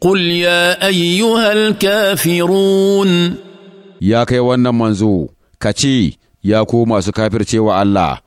قل يا أيها الكافرون يا كي وانا منزو كتي يا كو ما سكافر تي الله